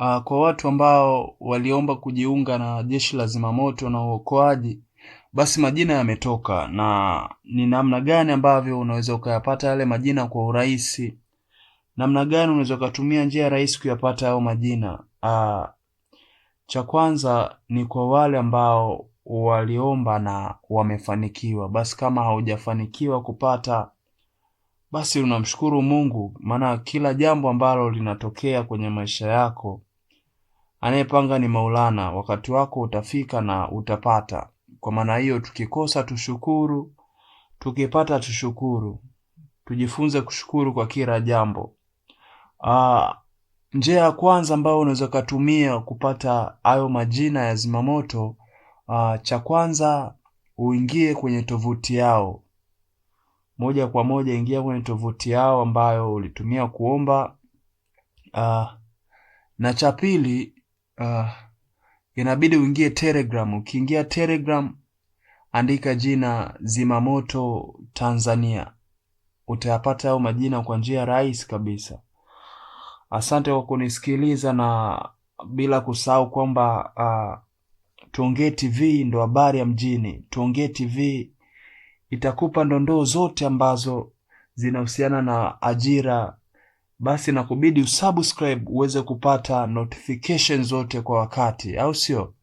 Uh, kwa watu ambao waliomba kujiunga na jeshi la zimamoto na uokoaji, basi majina yametoka na ni namna gani ambavyo unaweza ukayapata yale majina kwa urahisi, namna gani unaweza ukatumia njia rahisi kuyapata hayo majina. Uh, cha kwanza ni kwa wale ambao waliomba na wamefanikiwa. Basi kama haujafanikiwa kupata, basi unamshukuru Mungu, maana kila jambo ambalo linatokea kwenye maisha yako Anayepanga ni Maulana. Wakati wako utafika na utapata. Kwa maana hiyo, tukikosa tushukuru, tukipata tushukuru, tujifunze kushukuru kwa kila jambo. Aa, ah, njia ya kwanza ambayo unaweza ukatumia kupata hayo majina ya zimamoto, ah, cha kwanza uingie kwenye tovuti yao moja kwa moja, ingia kwenye tovuti yao ambayo ulitumia kuomba. Aa, ah, na cha pili uh, inabidi uingie Telegram. Ukiingia Telegram, andika jina Zimamoto Tanzania, utayapata hayo majina kwa njia rahisi kabisa. Asante kwa kunisikiliza na bila kusahau kwamba uh, Tuongee TV ndo habari ya mjini. Tuongee TV itakupa ndondoo zote ambazo zinahusiana na ajira basi na kubidi usubscribe uweze kupata notification zote kwa wakati, au sio?